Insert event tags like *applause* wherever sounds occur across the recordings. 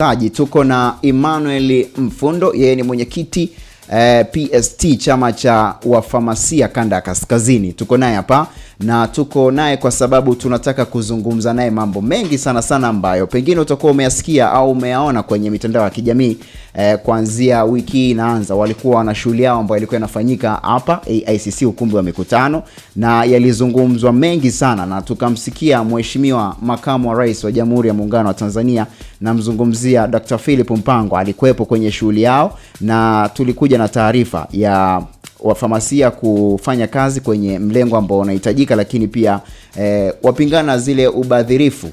taji tuko na Emmanuel Mfundo, yeye ni mwenyekiti eh, PST chama cha wafamasia kanda ya kaskazini. Tuko naye hapa na tuko naye kwa sababu tunataka kuzungumza naye mambo mengi sana sana ambayo pengine utakuwa umeyasikia au umeyaona kwenye mitandao ya kijamii eh, kuanzia wiki hii inaanza walikuwa na shughuli yao ambayo ilikuwa inafanyika hapa AICC ukumbi wa mikutano na yalizungumzwa mengi sana na tukamsikia mheshimiwa makamu wa rais wa jamhuri ya muungano wa Tanzania namzungumzia Dr. Philip Mpango alikuwepo kwenye shughuli yao na tulikuja na taarifa ya wafamasia kufanya kazi kwenye mlengo ambao unahitajika, lakini pia eh, wapingana zile ubadhirifu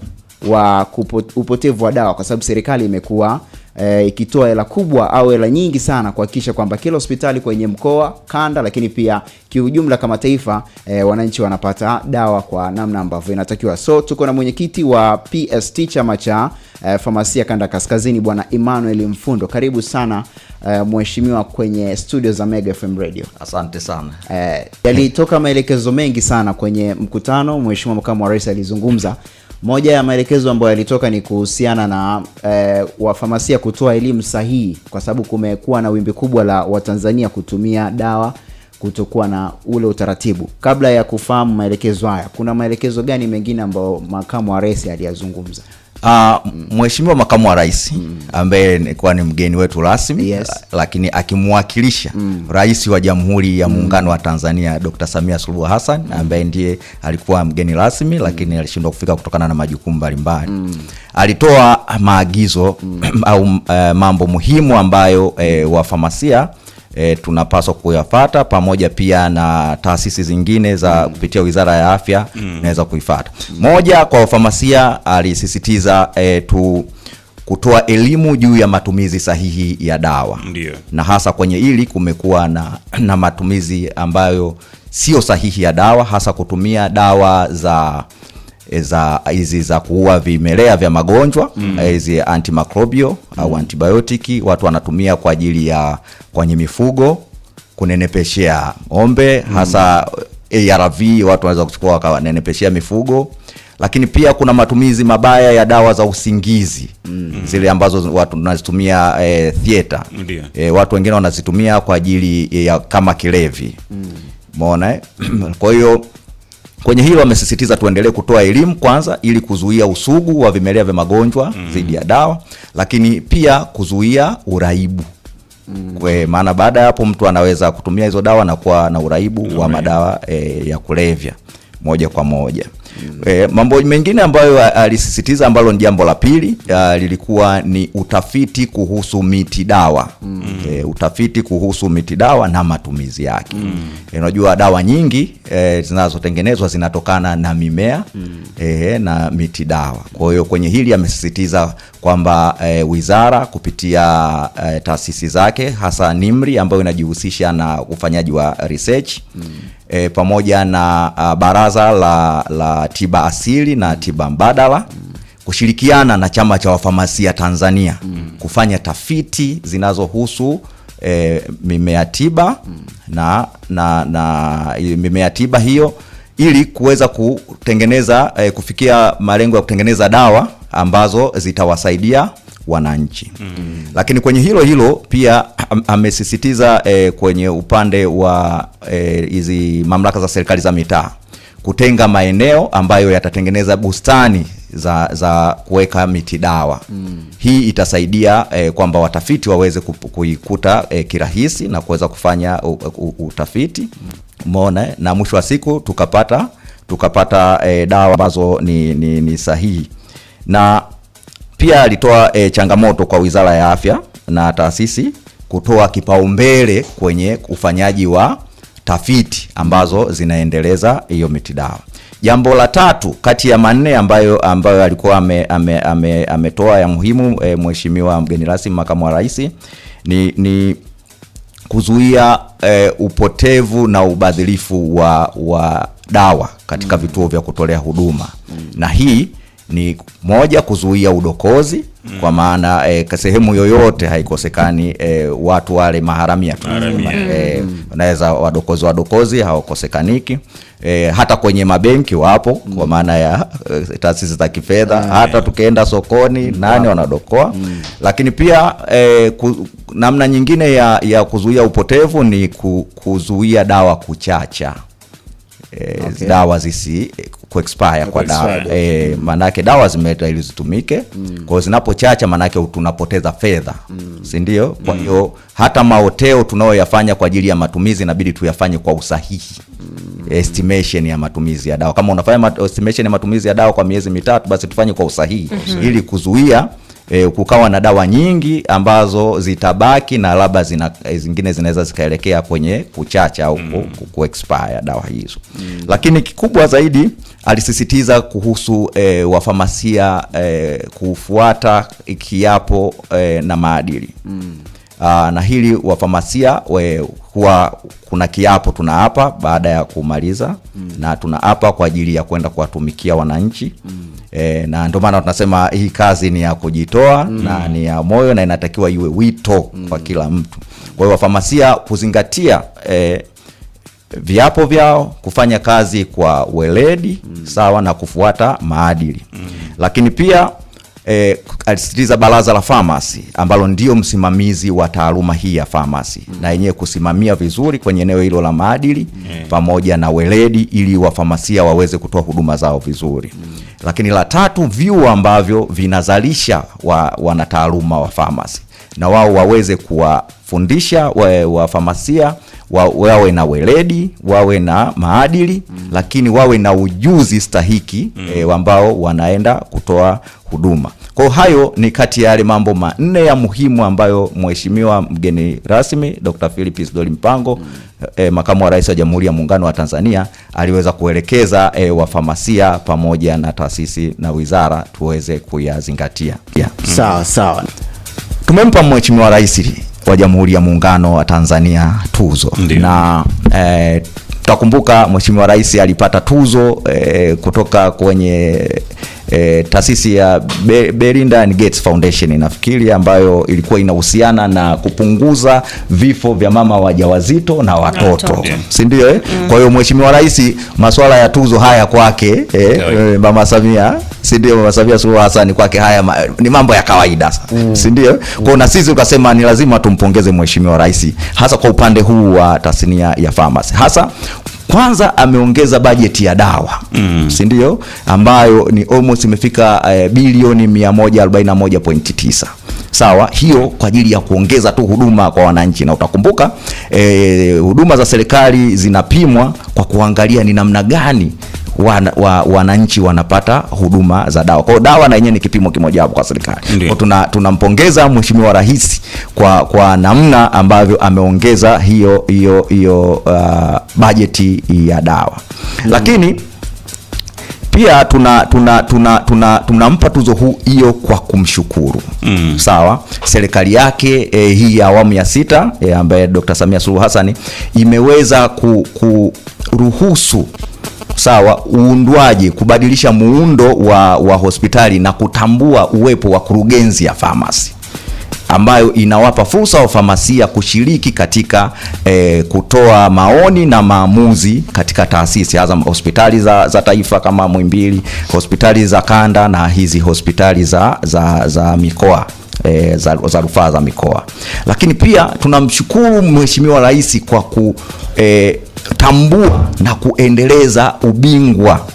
wa upotevu wa dawa, kwa sababu serikali imekuwa e, ikitoa hela kubwa au hela nyingi sana kuhakikisha kwamba kila hospitali kwenye mkoa, kanda, lakini pia kiujumla kama taifa e, wananchi wanapata dawa kwa namna ambavyo inatakiwa. So tuko na mwenyekiti wa PST chama cha e, eh, famasia kanda kaskazini, Bwana Emmanuel Mfundo, karibu sana e, mheshimiwa kwenye studio za Mega FM Radio. Asante sana. E, yalitoka maelekezo mengi sana kwenye mkutano, mheshimiwa makamu wa rais alizungumza moja ya maelekezo ambayo yalitoka ni kuhusiana na e, wafamasia kutoa elimu sahihi, kwa sababu kumekuwa na wimbi kubwa la Watanzania kutumia dawa kutokuwa na ule utaratibu. Kabla ya kufahamu maelekezo haya, kuna maelekezo gani mengine ambayo makamu wa resi aliyazungumza? Uh, Mheshimiwa Makamu wa Rais mm. ambaye kuwa ni mgeni wetu rasmi yes. lakini akimwakilisha mm. Rais wa Jamhuri ya mm. Muungano mm. wa Tanzania Dr. Samia Suluhu Hassan mm. ambaye ndiye alikuwa mgeni rasmi mm. lakini alishindwa kufika kutokana na majukumu mbalimbali mm. alitoa maagizo mm. *clears throat* au uh, mambo muhimu ambayo uh, eh, wafamasia e, tunapaswa kuyafata pamoja pia na taasisi zingine za mm. kupitia Wizara ya Afya inaweza mm. kuifata. Moja kwa wafamasia alisisitiza e, tu kutoa elimu juu ya matumizi sahihi ya dawa. Ndiyo. Na hasa kwenye hili kumekuwa na, na matumizi ambayo sio sahihi ya dawa hasa kutumia dawa za Eh, za hizi za kuua vimelea vya magonjwa mm. Eh, hizi mm. antimicrobial mm. au antibiotiki watu wanatumia kwa ajili ya kwenye mifugo kunenepeshea ng'ombe mm. hasa eh, ARV watu wanaweza kuchukua wakanenepeshea mifugo lakini pia kuna matumizi mabaya ya dawa za usingizi mm. zile ambazo watu tunazitumia e, theater e, watu wengine wanazitumia kwa ajili ya kama kilevi mm. mona *clears throat* kwa hiyo Kwenye hilo amesisitiza tuendelee kutoa elimu kwanza, ili kuzuia usugu wa vimelea vya magonjwa mm -hmm. ya dawa, lakini pia kuzuia uraibu mm -hmm. maana baada ya hapo mtu anaweza kutumia hizo dawa na kuwa na uraibu mm -hmm. wa madawa e, ya kulevya moja kwa moja mm. E, mambo mengine ambayo eh, alisisitiza ambalo ni jambo la pili eh, lilikuwa ni utafiti kuhusu miti dawa mm. E, utafiti kuhusu miti dawa na matumizi yake mm. E, unajua dawa nyingi e, zinazotengenezwa zinatokana na mimea mm. E, na miti dawa. Kwa hiyo kwenye hili amesisitiza kwamba e, wizara kupitia e, taasisi zake hasa NIMRI ambayo inajihusisha na ufanyaji wa research mm. E, pamoja na a, ah, baraza la, la tiba asili na tiba mbadala kushirikiana na chama cha wafamasia Tanzania kufanya tafiti zinazohusu e, mimea tiba na, na, na mimea tiba hiyo ili kuweza kutengeneza e, kufikia malengo ya kutengeneza dawa ambazo zitawasaidia wananchi mm. Lakini kwenye hilo hilo pia amesisitiza e, kwenye upande wa hizi e, mamlaka za serikali za mitaa kutenga maeneo ambayo yatatengeneza bustani za, za kuweka miti dawa mm. Hii itasaidia eh, kwamba watafiti waweze kuikuta eh, kirahisi na kuweza kufanya u, u, utafiti mona mm. Eh? Na mwisho wa siku tukapata tukapata eh, dawa ambazo ni, ni, ni sahihi na pia alitoa eh, changamoto kwa Wizara ya Afya na taasisi kutoa kipaumbele kwenye ufanyaji wa tafiti ambazo zinaendeleza hiyo dawa. Jambo la tatu kati ya manne ambayo ambayo alikuwa ametoa ame, ame, ame ya muhimu e, mheshimiwa mgeni rasmi makamu wa rais ni, ni kuzuia e, upotevu na ubadhilifu wa, wa dawa katika mm. vituo vya kutolea huduma mm. na hii ni moja, kuzuia udokozi mm. Kwa maana e, sehemu yoyote haikosekani e, watu wale maharamia tu e, wadokozi wadokozi hawakosekaniki e, hata kwenye mabenki wapo mm. Kwa maana ya e, taasisi za kifedha ah, Hata tukienda sokoni mm. Nani ah. wanadokoa mm. Lakini pia e, ku, namna nyingine ya, ya kuzuia upotevu ni ku, kuzuia dawa kuchacha Eh, okay. dawa zisi eh, kuexpire kwa dawa eh, maanake dawa zimeta ili zitumike mm. kwa zinapochacha maanake tunapoteza fedha mm. si Kwa mm. hiyo mm. hata maoteo tunayoyafanya kwa ajili ya matumizi inabidi tuyafanye kwa usahihi mm. estimation ya matumizi ya dawa. Kama unafanya estimation ya matumizi ya dawa kwa miezi mitatu, basi tufanye kwa usahihi mm -hmm. ili kuzuia e, kukawa na dawa nyingi ambazo zitabaki na labda zina, e, zingine zinaweza zikaelekea kwenye kuchacha au mm. ku dawa hizo mm. Lakini kikubwa zaidi alisisitiza kuhusu e, wafamasia e, kufuata kiapo e, na maadili mm. Aa, ah, na hili wafamasia we, huwa kuna kiapo tunaapa baada ya kumaliza mm. na tunaapa kwa ajili ya kwenda kuwatumikia wananchi mm. E, na ndio maana tunasema hii kazi ni ya kujitoa mm. na ni ya moyo na inatakiwa iwe wito mm. kwa kila mtu. Kwa hiyo wafamasia kuzingatia e, viapo vyao, kufanya kazi kwa weledi mm. sawa na kufuata maadili mm. lakini pia eh, alisisitiza baraza la famasi ambalo ndio msimamizi wa taaluma hii ya famasi mm. na yenyewe kusimamia vizuri kwenye eneo hilo la maadili mm. pamoja na weledi ili wafamasia waweze kutoa huduma zao vizuri mm. Lakini la tatu, vyuo ambavyo vinazalisha wa, wanataaluma wa famasi na wao waweze kuwa fundisha wafamasia wa wa, wawe na weledi, wawe na maadili mm. lakini wawe na ujuzi stahiki mm. e, ambao wanaenda kutoa huduma. Kwa hayo ni kati ya yale mambo manne ya muhimu ambayo mheshimiwa mgeni rasmi Dr. Philip Isdori Mpango mm. e, makamu wa rais wa Jamhuri ya Muungano wa Tanzania aliweza kuelekeza e, eh, wafamasia pamoja na taasisi na wizara tuweze kuyazingatia. Yeah. Mm. Sawa sawa. Tumempa mheshimiwa rais kwa Jamhuri ya Muungano wa Tanzania tuzo Ndiyo. na eh, tutakumbuka Mheshimiwa Rais alipata tuzo eh, kutoka kwenye e, taasisi ya Belinda and Gates Foundation nafikiri, ambayo ilikuwa inahusiana na kupunguza vifo vya mama wajawazito na watoto, si ndio eh? Mm. Kwa hiyo Mheshimiwa Rais masuala ya tuzo haya kwake eh, yeah. Mama Samia si ndio? Mama Samia Suluhu Hassan kwake haya ma, ni mambo ya kawaida sasa mm. si ndio? Mm. Kwa na sisi ukasema ni lazima tumpongeze Mheshimiwa Rais hasa kwa upande huu wa tasnia ya pharmacy hasa kwanza ameongeza bajeti ya dawa mm. si ndio, ambayo ni almost imefika uh, bilioni 141.9. Sawa, hiyo kwa ajili ya kuongeza tu huduma kwa wananchi, na utakumbuka e, huduma za serikali zinapimwa kwa kuangalia ni namna gani wananchi wa, wanapata huduma za dawa. Kwa hiyo dawa na yenyewe ni kipimo kimoja hapo kwa serikali. Tunampongeza tuna Mheshimiwa Rais kwa, kwa namna ambavyo ameongeza hiyo, hiyo, hiyo uh, bajeti ya dawa mm. Lakini pia tunampa tuna, tuna, tuna, tuna tuzo huu hiyo kwa kumshukuru mm. Sawa, serikali yake e, hii ya awamu ya sita e, ambaye Dr. Samia Suluhu Hassan imeweza kuruhusu ku sawa, uundwaji, kubadilisha muundo wa, wa hospitali na kutambua uwepo wa kurugenzi ya famasi ambayo inawapa fursa famasia kushiriki katika e, kutoa maoni na maamuzi katika taasisi hasa hospitali za, za taifa kama Muhimbili, hospitali za kanda na hizi hospitali za, za, za mikoa e, za, za rufaa za mikoa. Lakini pia tunamshukuru Mheshimiwa Rais kwa ku e, kutambua na kuendeleza ubingwa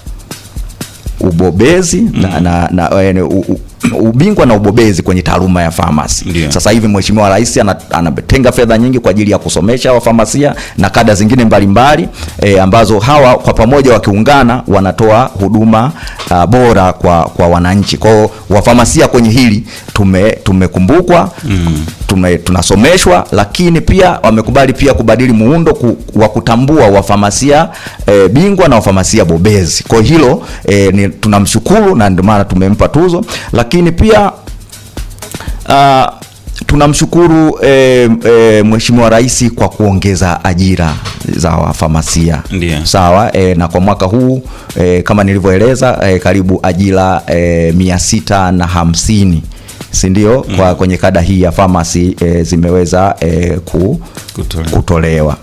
ubobezi mm. na, na, na, eh, u, u, ubingwa na ubobezi kwenye taaluma ya pharmacy. Yeah. Sasa hivi Mheshimiwa Rais anatenga fedha nyingi kwa ajili ya kusomesha wafamasia na kada zingine mbalimbali mbali, e, ambazo hawa kwa pamoja wakiungana wanatoa huduma uh, bora kwa, kwa wananchi. Kwa hiyo wafamasia kwenye hili tume tumekumbukwa mm. tume, tunasomeshwa lakini pia wamekubali pia kubadili muundo ku, wa kutambua wafamasia e, bingwa na wafamasia bobezi. Kwa hilo e, tunamshukuru na ndio maana tumempa tuzo lakini lakini pia uh, tunamshukuru eh, eh, Mheshimiwa Rais kwa kuongeza ajira za wafamasia sawa. Eh, na kwa mwaka huu eh, kama nilivyoeleza eh, karibu ajira eh, mia sita na hamsini si ndio? mm. Kwa kwenye kada hii ya famasi eh, zimeweza eh, ku, kutolewa, kutolewa.